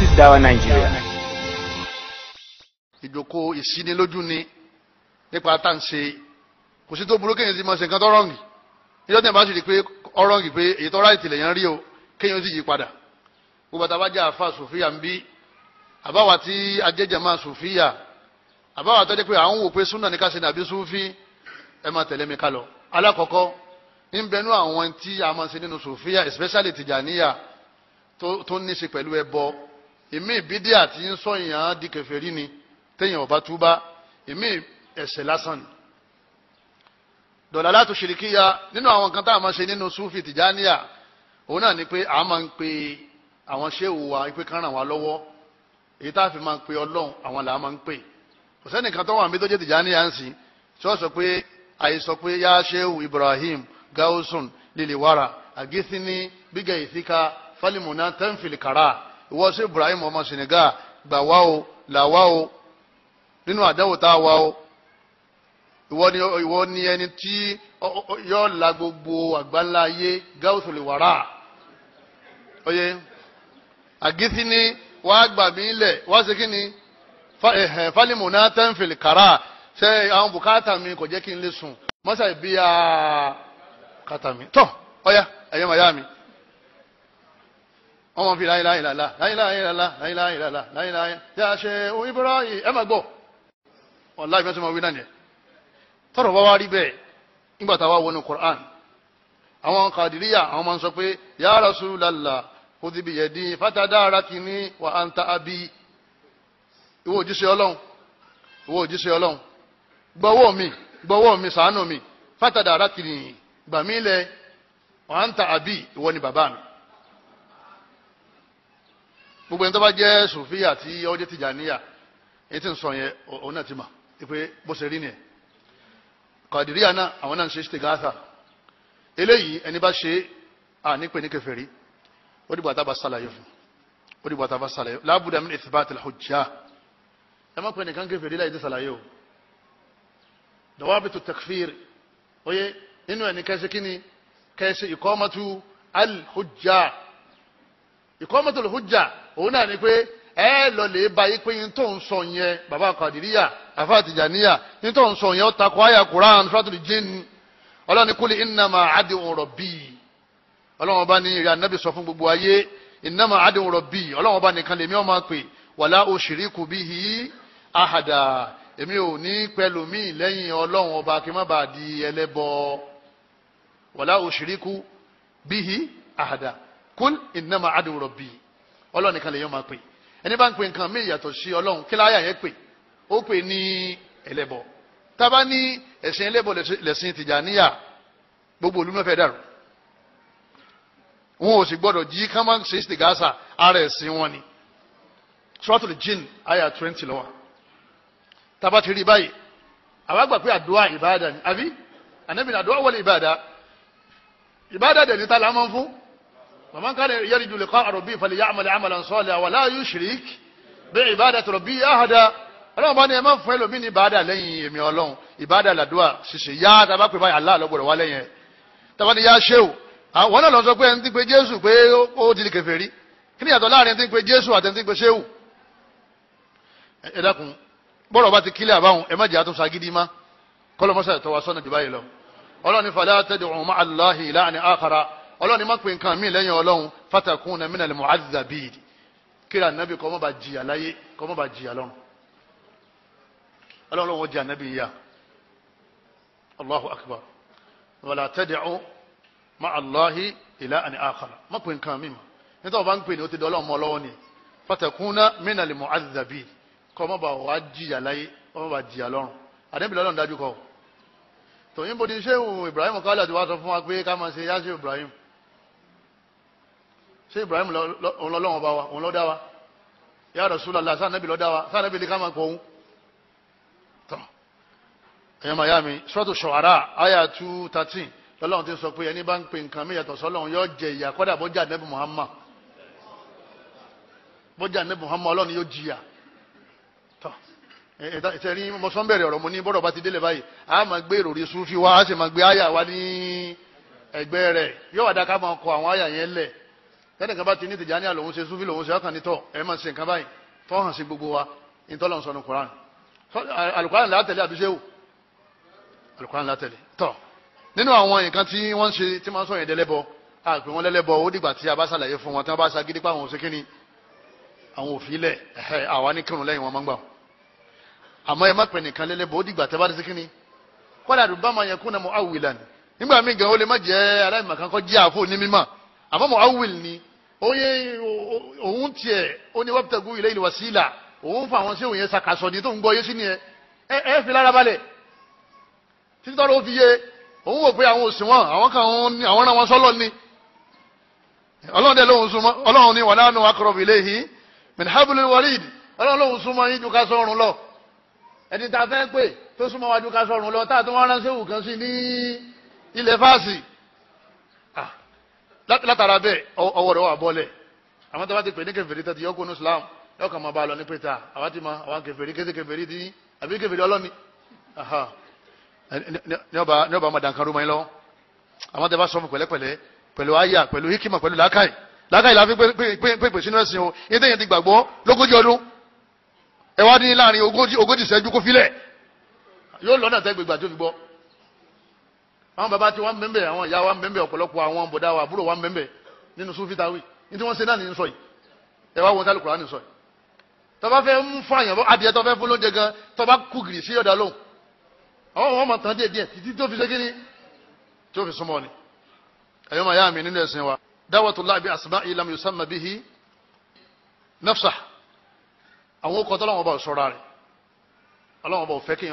This Dawa Nigeria. Ìjòkó ìsínilójú ni nípa tá à ń ṣe kò sí tó burú kéèyàn sì máa ṣe nǹkan tó rọ̀ǹgì níjọ́ tí a bá sì rí i pé ọ̀rọ̀ǹgì pé èyí tó ráìtì lèèyàn rí o kéèyàn sì yí padà gbogbo àtàwọn ajá àfa sòfíà ń bí àbáwá tí ajẹ́jẹ́ máa sòfíà àbáwá tó jẹ́ pé àwọn wò pé súnà ní ká ṣe nàbí ẹ máa tẹ̀lé mi ká lọ alákọ̀ọ́kọ́ ń bẹnu àwọn tí a máa ṣe nínú sòfíà especially tìjàníyà tó ní í ṣe pẹ̀lú ẹbọ èmi ìbídí àti ń sọ èèyàn di kèfèrí ni téèyàn ọba túbá èmi ẹ̀ṣẹ̀ lásán ni dọ̀là látò ṣìríkíya nínú àwọn nǹkan tá a máa ṣe nínú sufi tìjáníyà òun náà ni pé a máa ń pe àwọn ṣéwù wa pé kán ràn wá lọ́wọ́ èyí tá a fi máa ń pe ọlọ́run àwọn là á máa ń pè kò sẹ́nìkan tó wà mí tó jẹ́ tìjáníyà ń sìn tí wọ́n sọ pé àìsọ pé yá ṣéwù Ibrahim gausun liliwara àgísíní bígẹ̀ ìsíka fálímùnà tẹ́ǹfìlì kàrà ìwọ sí Ibrahim ọmọ Senegal gbà wá o là wá o nínú àdánwò tá a wá o ìwọ ni ìwọ ni ẹni tí yóò la gbogbo àgbáńlá ayé gáúsù lè wàrà oye àgìsí ni wàá gbà mí lẹ̀ wàá ṣe kí ni fálímù náà tẹ́ǹfìlì kàrà ṣe àwọn bùkátà mi kò jẹ́ kí n lè sùn mọ́sà ìbí ya kàtà mi tọ́ ọ̀ya ẹ̀yẹ́ màyá mi. ma fi láìláì làlá láìláì làlá láìláì làlá láìláì tí a ṣe o Ibrahim ẹ má gbọ́ wọn láì fẹ́ tó máa wí náà yẹn tọrọ bá wá rí bẹ́ẹ̀ nígbà wá wọnú Qur'an àwọn kàdìríyà àwọn máa sọ pé abi ìwọ òjíṣẹ́ Ọlọ́run ìwọ òjíṣẹ́ Ọlọ́run gbọ́wọ́ mi gbọ́wọ́ mi ṣàánú mi fatadarakini gbàmílẹ̀ wa abi ìwọ ni bàbá mi. gbogbo ẹni tó bá jẹ́ sùfíà tí ó jẹ́ tìjàníyà èyí tí ń sọ yẹn òun náà ti mà pé bó ṣe rí nìyẹn kàdìríà náà àwọn náà ń ṣe ṣìtìgáàtà eléyìí ẹni bá ṣe à ní pè ní ó dìbò àtàbà sàlàyé fún ó dìbò àtàbà sàlàyé láàbùdà min ithbat al-hujja ẹ má pè nìkan kèfèrí láì dé sàlàyé o dawabitu takfir oye nínú ẹni kẹsẹ kíni kẹsẹ òun náà ni pé ẹ lọlẹ báyìí pé yín tó ń sọ yẹn bàbá kàdíríyà àfa àtìjàníyà yín tó ń sọ yẹn ó takò àyà Quran suratul jinn ọlọ́ni kúlì innama ad'u rabbi ọlọ́wọ́n bá ní ìrìn ànábì sọ fún gbogbo ayé innama ad'u rabbi ọlọ́wọ́n bá nìkan lèmi ọmọ pè wala ushriku bihi ahada èmi ò ní pẹ̀lú mi lẹ́yìn ọlọ́run ọba kí má bàa di ẹlẹ́bọ wala ushriku bihi ahada kúl innama ad'u rabbi ọlọ́run nìkan lè yàn máa pè ẹni bá ń pè nǹkan mí ìyàtọ̀ sí ọlọ́run kí láyà yẹn pè ó pè ní ẹlẹ́bọ tábà ní ẹ̀sìn ẹlẹ́bọ lẹ̀sìn tìjàníyà gbogbo olú náà fẹ́ dàrú wọn ò sì gbọdọ̀ jí kámán sèṣì gàásà ara ẹ̀sìn wọn ni suratul jinn aya twenty lọ́wọ́ tábà ti rí báyìí àwa gbà pé àdúrà ìbáadà ni àbí ànábìnrin àdúrà wọlé ìbáadà ìbáadà dẹ̀ ní ta la fún màmá kárẹ̀ yẹ́rì ju liqa rabbi fàlẹ̀ yá àmàlẹ̀ àmàlẹ̀ sọ́ọ̀lẹ̀ wala yushrik bí ibadati rabbi ahada ọlọ́run bá ní ẹ má fún ẹlòmíì ní ìbáadà lẹ́yìn èmi ọlọ́run ìbáadà làdúrà ṣiṣẹ́ yá tàbá pè báyìí Allah lọ́gbọ̀dọ̀ wá lẹ́yìn ẹ̀ tàbá ní yá ṣéwù àwọn náà lọ sọ pé ẹni tí ń pe Jésù pé ó di kèfèrí kí ni yàtọ̀ láàrin ẹni tí ń pe Jésù àti ẹni tí ń pe ṣéwù. ẹ dákun bọ́rọ̀ bá ti kílẹ̀ àbáhùn ẹ má jẹ́ àtúnṣe agídí má kọ́lọ́mọ́sà ọlọ́run ni má pe nǹkan míì lẹ́yìn ọlọ́run fatakuna minal mu'azzabin kíra nàbí kọ́ mọ́ bá jìyà láyé kọ́ mọ́ bá jìyà lọ́run ọlọ́run wọn jẹ́ ànábì yá allahu akbar wala tad'u ma'a allahi ilahan akhar má pe nǹkan míì mọ́ nítorí bá ń pè ní o ti dọ́lọ́ ọmọ lọ́wọ́ ni fatakuna minal mu'azzabin kọ́ mọ́ bá jìyà láyé kọ́ mọ́ jìyà lọ́run ànábì lọ́lọ́run dájú kọ́ tòyìnbó ti ṣéwù Ibrahim kálí àti wàá sọ fún wa pé ká máa ṣe yáṣẹ́ Ibrahim ṣé Ibrahim òun lọ́lọ́wọ́n bá wa òun lọ́ dá wa ya Rasulullah sáànẹ́bì lọ́ dá wa sáànẹ́bì lè ká máa pọ̀ òun tán ẹ̀yọ́ miami suratu Shu'ara aya two thirteen lọ́lọ́run ti sọ pé ẹni bá ń pè nǹkan mí yàtọ̀ sọ́lọ́run yóò jẹ ìyà kọ́dà bọ́jà nẹ́bù Muhammad bọ́jà nẹ́bù Muhammad ọlọ́run yóò jìyà tán ìtẹ̀rí mọ́sánbẹ̀rẹ̀ ọ̀rọ̀ mo ní bọ́rọ̀ bá ti délé báyìí a máa gbé ìròrí Sufi wa a sì máa gbé àyà wa ní ẹgbẹ́ rẹ̀ yóò wà dá ká máa kọ àwọn àyà yẹn lẹ̀ tẹ́lẹ̀ kan bá ti ní tìjà ní àlòun ṣe súfì lòun ṣe ọkàn nítọ̀ ẹ̀ máa ṣe nǹkan báyìí tó hàn sí gbogbo wa ìtọ́lọ̀ ń sọnu koran alukoran látẹ̀lé àbíṣẹ́wò alukoran látẹ̀lé tọ̀ nínú àwọn nǹkan tí wọ́n ṣe tí máa ń sọ̀yìn dẹ́lẹ́bọ àpè wọn lẹ́lẹ́bọ ó dìgbà tí a bá ṣàlàyé fún wọn tí wọ́n bá ṣa gidi pa àwọn òṣèké ni àwọn òfìlẹ̀ ẹ̀hẹ́ àwa ní kírun lẹ́yìn wọn máa ń gbà àmọ́ muawil ni oye òun tiẹ̀ ó ní wabtagu ilayil wasila òun fa àwọn sí òun yẹn sàkàsọ̀ ní tó ń gbọ́ yé sí ni ẹ ẹ fi lára balẹ̀ títí tọ́lọ́ fi yé òun wò pé àwọn òsì wọn àwọn kan àwọn náà wọn sọ́lọ́ ni ọlọ́run dẹ̀ lóhun súnmọ́ ọlọ́run ni wàlá nù akọrọ̀bì léhi min hablil warid ọlọ́run lóhun súnmọ́ yín ju ká sọ́run lọ ẹni tá a fẹ́ pè tó súnmọ́ wájú ká sọ́run lọ táà tó wọ́n ránṣẹ́ òkàn sí ní ilẹ̀ fásì látara bẹ́ẹ̀ ọwọ́ rẹ̀ wà bọ́lẹ̀ àwọn tó bá ti pè ní kèfèrí tó ti yọ kónú Islam yóò kàn máa bá a lọ ní pété àwa ti ma àwọn kèfèrí kéde kèfèrí dín àbí kèfèrí ọlọ́ni ní ọba máa dànkan rúmọ yín lọ àwọn tó bá sọmù pẹ̀lẹ́pẹ̀lẹ́ pẹ̀lú àyà pẹ̀lú hikima pẹ̀lú làákàyè làákàyè la fi pèpè sínú ẹ̀sìn o yín tẹ̀yìn ti gbàgbọ́ lógójì ọdún ẹ wá ní láàrin ogójì ogójì ìṣẹ́jú kó filẹ̀ yóò lọ́nà tẹ́ gbégbà tó fi gbọ́ àwọn bàbá tí wọ́n mẹ́mbẹ̀ àwọn ìyá wa mẹ́mbẹ̀ ọ̀pọ̀lọpọ̀ àwọn bọ̀dá wa àbúrò wa mẹ́mbẹ̀ nínú sufi tawi ní tí wọ́n ṣe náà ní sọ yìí ẹ wá wọn tá lùkùrọ̀ ní sọ yìí tọba fẹ́ mú fún àyànfọ́ adìẹ tọba fún lóúnjẹ gan tọba kú gìrì sí ọ̀dà lóhùn àwọn ọmọ tán díẹ̀ díẹ̀ títí tó fi ṣe kíní tó fi súnmọ́ ni ẹ̀yọ́ máa yá mi nínú ẹ̀sìn wa da'watullah bi asma'i lam yusamma bihi nafsa àwọn okọ̀ tọ́lọ́wọ́n bá sọ̀rọ̀ rẹ̀ ọlọ́wọ́n bá fẹ́ kí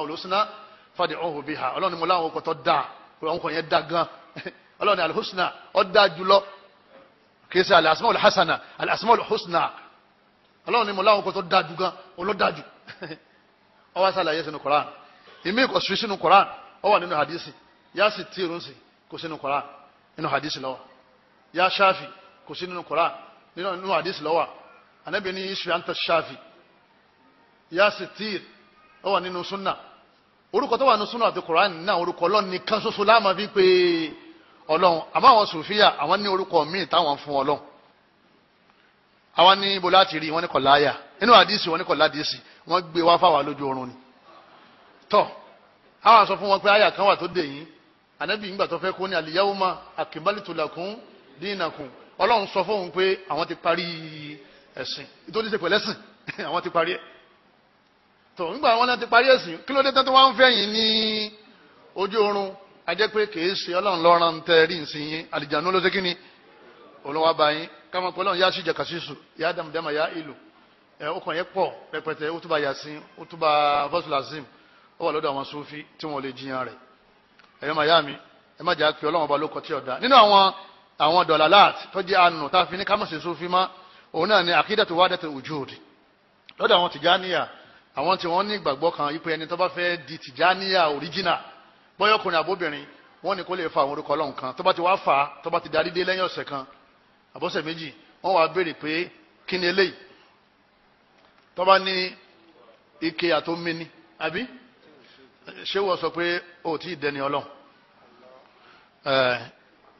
ò fàdí ọ̀hún bí ha ọlọ́run ni mo láwọn ọkọ̀ tó dáa àwọn ọkọ̀ yẹn dáa gan ọlọ́run ni alhusna ó dáa jùlọ kìí ṣe alasma olùhasana alasma olùhusna ọlọ́run ni mo láwọn ọkọ̀ tó dáa gan olódáa jù ó wá ṣàlàyé sínú koran ìmí kò sí sínú koran ó wà hadisi yá sì tí irun kò sínú koran nínú hadisi lọ́wọ́ yá ṣáfì kò sí koran nínú hadisi lọ́wọ́ anabi ní isu yanta ṣáfì yá sì tí ó wà sunna orúkọ tó wà ní súnà àti koran náà orúkọ ọlọ́run nìkan ṣoṣo láàmà fi pé ọlọ́run àmọ́ àwọn sòfíà àwọn ní orúkọ míì táwọn fún ọlọ́run àwọn ní ibo láti rí wọn ní kọláyà nínú àdìsí wọn ní kọládìsí wọn gbé wá fáwa lójú oorun ni tọ àwọn sọ fún wọn pé àyà kan wà tó dé yín ànábì ńgbà tó fẹ́ kó ní al-yawma akmaltu lakum dinakum ọlọ́run sọ fóun pé àwọn ti parí ẹ̀sìn ìtòjú pẹ̀lẹ́sìn àwọn ti parí ẹ̀ tó nígbà wọn náà ti parí ẹ̀sìn kí ló dé tẹ́tí wọn fẹ́ yín ní ojú oorun ajẹ́ pé kìí ṣe ọlọ́run lọ́rọ̀ ń tẹ́ rí nsìn yín àlìjánu ló ṣe kí ni olùwà bá káwọn pẹ̀lú ọ̀hún yá sí jẹ̀kàṣíṣù yá dàmdàmà yá ìlú ẹ̀ ó kàn yẹ pọ̀ pẹpẹtẹ ó túbà yasin ó túbà fọ́sùlàzim ó wà lọ́dọ̀ àwọn sufi tí wọ́n lè jiyàn rẹ̀ ẹ̀yọ́ màyá mi ẹ má jà pé ọlọ́run ọba ló kọ tí ọ̀dà nínú àwọn àwọn dọ̀làláàt tó jẹ́ àánú tá a àwọn tí wọ́n ní ìgbàgbọ́ kan ipò ẹni tó bá fẹ́ di tìjáníyà original bọ́yọ̀kùnrin àbóbìnrin wọ́n ní kó lè fa àwọn orúkọ ọlọ́run kan tó bá ti wá fa tó bá ti darí dé lẹ́yìn ọ̀sẹ̀ kan àbọ̀sẹ̀ méjì wọ́n wá béèrè pé kí ni eléyìí tó bá ní ike àtòmí ni àbí ṣé wọ́n sọ pé o ti dẹni ọlọ́run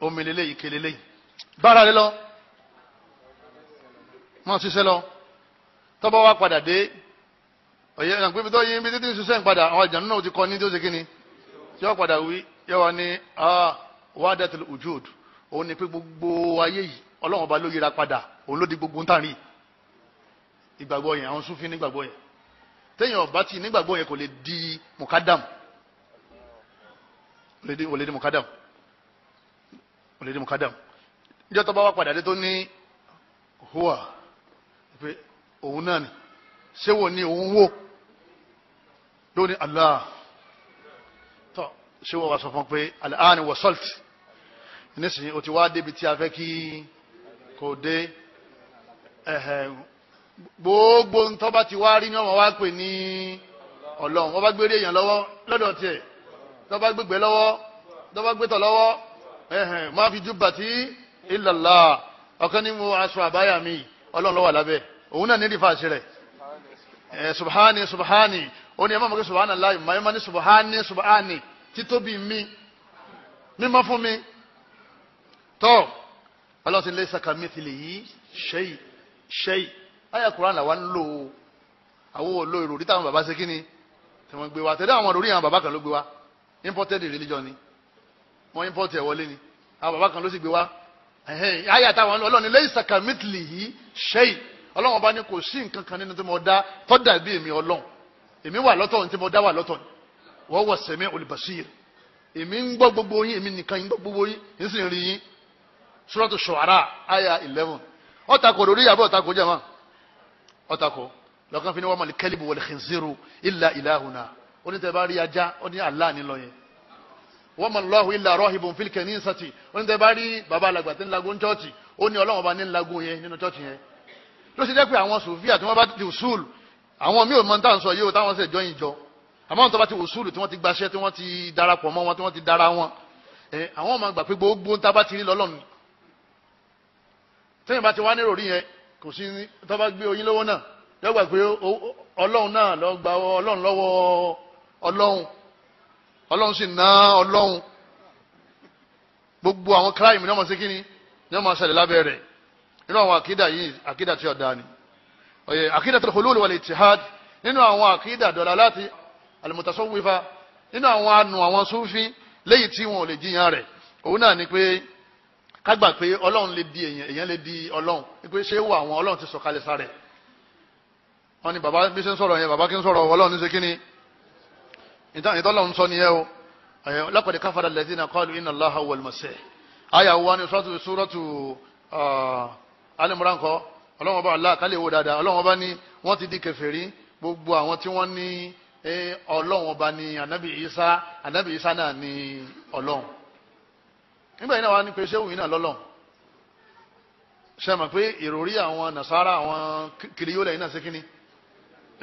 omi lélẹ́yìí ike lélẹ́yìí bára rẹ lọ mọ̀ ṣiṣẹ́ lọ tó bá wá padà dé ọ̀yẹ́ ẹ̀gbẹ́ mi tó yín bí títí ṣiṣẹ́ ń padà àwọn àjànú náà ti kọ́ ní tí ó ṣe kíni tí ó padà wí yẹ wa ní ah, wahdatul wujud òun ni pé gbogbo ayé yìí ọlọ́run ọba ló yíra padà òun ló di gbogbo ń tàrí ìgbàgbọ́ yẹn àwọn súnfín nígbàgbọ́ yẹn téèyàn ọba tí nígbàgbọ́ yẹn kò lè di mukadam kò lè di mukadam kò lè di mukadam níjọ́ tó bá wá padà dé tó ní hùwà pé òun náà ni ṣé wò ni òun wò ló ní Allah tọ́ ṣé wọ́n wá sọ fún pé al'ani wa salt nísìnyí o ti wá débi tí a fẹ́ kí kò dé gbogbo ntọ́ bá ti wá rí ní ọmọ wa pè ní ọlọ́run wọ́n bá gbére èèyàn lọ́wọ́ lọ́dọ̀ tiẹ̀ tọ́ bá gbégbé lọ́wọ́ tọ́ bá gbétọ̀ lọ́wọ́ máa fi júbà tí ìlàlá ọ̀kan ní mo aṣọ àbáyà mi ọlọ́run ló lábẹ́ òun náà ní rífà ṣe rẹ̀ subhani subhani ó ní ẹ má mọ̀ pé subahana láì mọ̀ ẹ má ní subahani subahani títóbi mi mímọ́ fún mi tọ́ ọlọ́run ti lé sakami ti lè yí ṣẹ́yì ṣẹ́yì ayé kuran làwọn ń lò ó àwọn ò lo ìròrí táwọn bàbá ṣe kí ni tí wọ́n gbé wa tẹ̀lé àwọn ìròrí àwọn bàbá kan ló gbé wa imported religion ni wọ́n import ẹ̀ wọlé ni àwọn bàbá kan ló sì gbé wa ayé àtàwọn ọlọ́run lé sakami ti lè yí ṣẹ́yì ọlọ́run ọba ni kò sí nǹkan kan nínú tí mo dá tọ́dà bí èmi ọlọ́run èmi wà lọ́tọ̀ ntí mo dá wà lọ́tọ̀ wọ́n wọ sẹ́mi olùbàṣír èmi ń gbọ́ gbogbo yín èmi nìkan ń gbọ́ gbogbo yín ń sì rí yín suratu shu'ara aya eleven ọ̀tàkọ̀ lórí yàrá ọ̀tàkọ̀ jẹ́mọ́ ọ̀tàkọ̀ lọ́kàn fi ni wọ́n mọ̀lẹ́ kẹ́líbù wal khinziru illa ilahuna onítẹ̀bá rí ajá ó ní Allah nílọ yẹn wọ́n mọ̀ lọ́hùn illa rahibun fil kanisati onítẹ̀bá rí baba alàgbà àwọn míì ò mọ táwọn sọ yìí ó táwọn ṣe jọyìn jọ àmọ́ àwọn tó bá ti wòsúlù tí wọ́n ti gbaṣẹ́ tí wọ́n ti darapọ̀ mọ́ wọn tí wọ́n ti dara wọn ẹ àwọn ọmọ àgbà pé gbogbo ń tábà ti rí lọ́lọ́run tẹ́yìn bá ti wá nírò rí yẹn kò sí tó bá gbé oyin lọ́wọ́ náà yọ gbà pé ọlọ́run náà lọ gba ọlọ́run lọ́wọ́ ọlọ́run ọlọ́run sì ná ọlọ́run gbogbo àwọn crime ní ọmọ sí kíni ní ọmọ ṣẹlẹ̀ lábẹ́ rẹ̀ nínú àwọn àkídà yìí àkídà tí ọ̀dà ni àkídàtul hulul wal ittihad nínú àwọn àkídà dalalati al-mutasawwifa nínú àwọn anu àwọn sufi léyìí tí wọn ò lè jiyàn rẹ̀ òun náà ni pé kágbà pé ọlọ́run lè di èèyàn èèyàn lè di ọlọ́run pé ṣé wà àwọn ọlọ́run ti sọ̀kalẹ̀ sáré wọn ni bàbá bí ṣe ń sọ̀rọ̀ yẹn bàbá kí ń sọ̀rọ̀ ọlọ́run ní ṣe ìtọ́lọ́run sọ nìyẹn o laqad kafara alladhina qalu inna Allaha huwal masih wa ni sọ́tù sórọ́tù ah, alimurankọ́ ọlọ́run ọba Allah kálẹ̀ wo dáadáa ọlọ́run ọba ní wọ́n ti di kèfèrí gbogbo àwọn tí wọ́n ní ọlọ́run ọba ní anabi isa anabi isa náà ní ọlọ́run nígbà yìí náà wà ní pé sẹ́wù yìí náà lọ́lọ́run ṣe mọ̀ pé ìròrí àwọn nasara àwọn kiriyó lẹ́yìn náà sékíní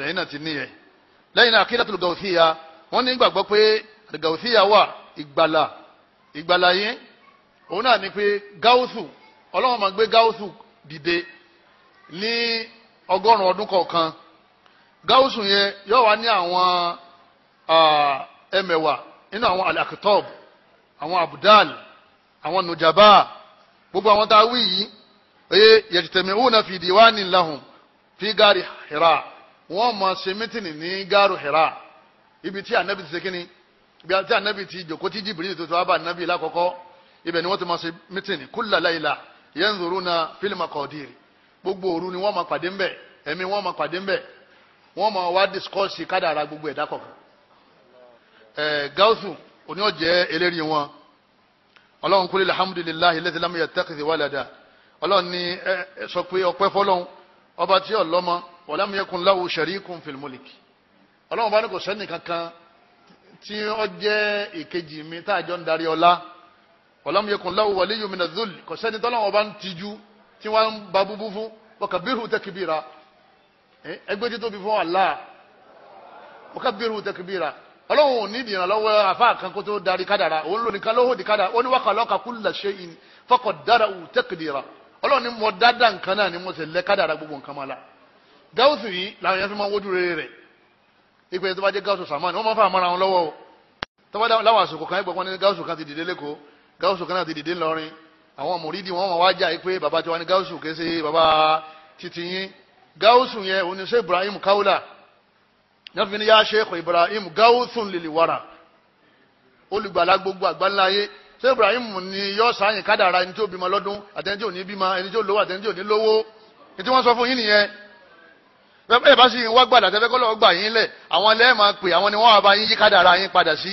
lẹ́yìn náà ti níyẹ lẹ́yìn náà akídàtúlù gàùsíyà wọ́n ní gbàgbọ́ pé gàùsíyà wà ìgbàlà ìgbàlà yẹn òun náà ni pé gáúsù ọlọ́run máa gbé gáúsù dìde ní ọgọ́rùn-ún ọdún kọ̀ọ̀kan gáúsù yẹn yóò wá ní àwọn ẹmẹ̀wà nínú àwọn alakitob àwọn abudal àwọn nujaba gbogbo àwọn tá a wí yìí oye yajtami'una fi diwani lahum fi gari hira wọ́n máa ṣe mítìnì ní gari hira ibi tí anabi ti ṣe kíni ibi tí anabi ti jòkó tí jìbìrì tó tó wá bá anabi lákọ̀ọ́kọ́ ni wọ́n ti máa ṣe mítìnì kulla layla yanzuruna fil gbogbo òru ni wọ́n máa pàdé ńbẹ̀ ẹ̀mí wọ́n máa pàdé ńbẹ̀ wọ́n máa wá discourse kádàrá gbogbo ẹ̀dá kọ̀ọ̀kan ẹ̀ gáúsù òní ọ̀jẹ́ eléri wọn ọlọ́run kúlẹ̀ alhamdulillahi lẹ́sẹ̀ lámúyẹ tẹ́kìtì wàlàdà ọlọ́run ní ẹ sọ pé ọpẹ́ fọlọ́run ọba tí ọlọ́mọ ọ̀làmúyẹkùn láwù sharikun fil mulki ọlọ́run bá ní kò sẹ́ni kankan tí ó jẹ́ ìkejì mi tá àjọ ń darí ọlá ọ̀làmúyẹkùn láwù waliyu minadh-dhull kò sẹ́ni tọ́lọ́run ọba ń tijú tí wọ́n ń ba búbú fún wakabiru takibira ẹgbẹ́ tí tóbi fún Allah wakabiru takibira ọlọ́run ò ní ìdìyàn lọ́wọ́ afa kan kó tó darí kádàrà òun lò nìkan lọ́wọ́ di kádàrà ó ní wakalọ́ka kulla shay'in faqaddarahu takdira ọlọ́run ni mo dáadáa nǹkan náà ni mo sì lẹ́ kádàrà gbogbo nǹkan mọ́ la gáwùsù yìí làwọn yẹn fi máa wójú rere rẹ̀ ìpè tó bá jẹ́ gáwùsù sàmánì wọ́n máa fà mọ́ra wọn lọ́wọ́ o tó bá láwọn àsìkò kan ẹgbẹ̀gbọ́n ní gáwùsù kan ti dìde lẹ́kọ̀ọ́ gáwùsù kan náà ti dìde ńlọrin àwọn mùrídìí wọn wá jà pé bàbá tiwa ní gáúsù kése bàbá titi yín gáúsù yẹn òun Ibrahim kaula nàfi ni yá Sheikh Ibrahim gáúsù lili wara olùgbàlà gbogbo àgbáńlá ayé ṣe Ibrahim ni yọ sáyìn kádàrà ẹni tí ó bímọ lọ́dún àtẹni tí ò ní bímọ ẹni tí ó lówó àtẹni tí ò ní lówó ní tí wọ́n sọ fún yín nìyẹn bẹ́ẹ̀ bá sì ń wá gbàdà tẹ́fẹ́ kọ́lọ́ gbà yín lẹ̀ àwọn lẹ́ẹ̀ máa pè àwọn ni wọ́n wá bá yín yí kádàrà yín padà sí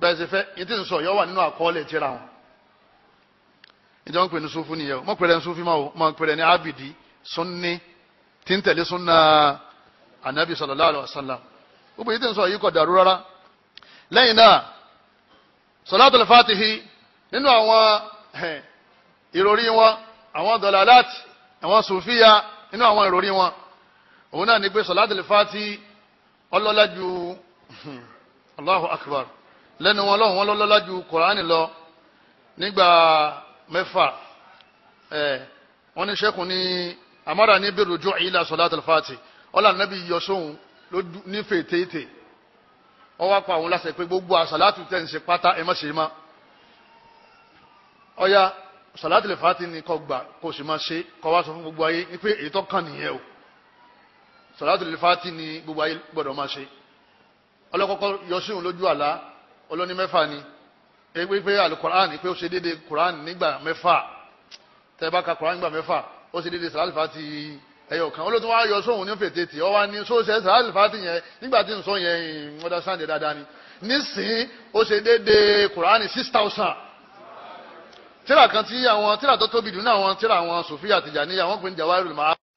bẹ́ẹ̀ sì fẹ́ yín ń sọ yọ wà nínú àkọọ́lẹ̀ tíra wọn ìjọba ń pè ní sunfún nìyẹn o mọ̀ pẹ̀lẹ́ sunfún máa o mọ̀ pẹ̀lẹ́ ní abidi sunni tí ń tẹ̀lé sunna anabi sallallahu alayhi wa sallam gbogbo yìí tẹ̀ ń sọ yìí kọ̀ dàrú rárá lẹ́yìn náà salatul fatihi nínú àwọn ìròrí wọn àwọn dalalat àwọn sufiya nínú àwọn ìròrí wọn òun náà ni pé salatul fatihi ọlọ́lá allahu akbar lẹ́nu wọn lọ́wọ́ wọn lọ́lá ju lọ nígbà mẹ́fà ẹ̀ wọ́n ní sẹ́kùn ní amara ní bẹ̀rù ojú ìlà sọ̀lá tẹlifáàtì ọ̀là nàbí yọ sóhun ní fètèètè ọwọ́ apá àwọn lásẹ̀ pé gbogbo àṣàlátù tẹ̀ ń ṣe pátá ẹ̀ mọ̀ṣẹ̀ mọ́ ọ̀ya sọ̀lá tẹlifáàtì ni kò gbà kò sì máa ṣe kò wá sọ fún gbogbo ayé wípé èyí tó kàn nìyẹn o sọ̀lá tẹlifáàtì ni gbogbo ayé gbọ́dọ̀ máa ṣe ọlọ́kọ́kọ́ yọ sóhun lójú àlá ọlọ́ní mẹ́fà ni kí wípé alukoran pé ó ṣe déédéé koran nígbà mẹ́fà tẹ́ bá ka koran nígbà mẹ́fà ó ṣe déédéé sàlálìfà ti ẹyọ kan olóòtú wa yọ sóhun ní fètè tì ọ wa ní sóòṣẹ sàlálìfà ti yẹn nígbà tí n sọ yẹn ọdá sànńdẹ dáadáa ni nísìn ó ṣe déédéé koran six thousand tíra kan tí àwọn tíra tó tóbi dùn ní àwọn tíra àwọn Sofia Tijaniya àwọn pè ní Jawahirul Ma'ani.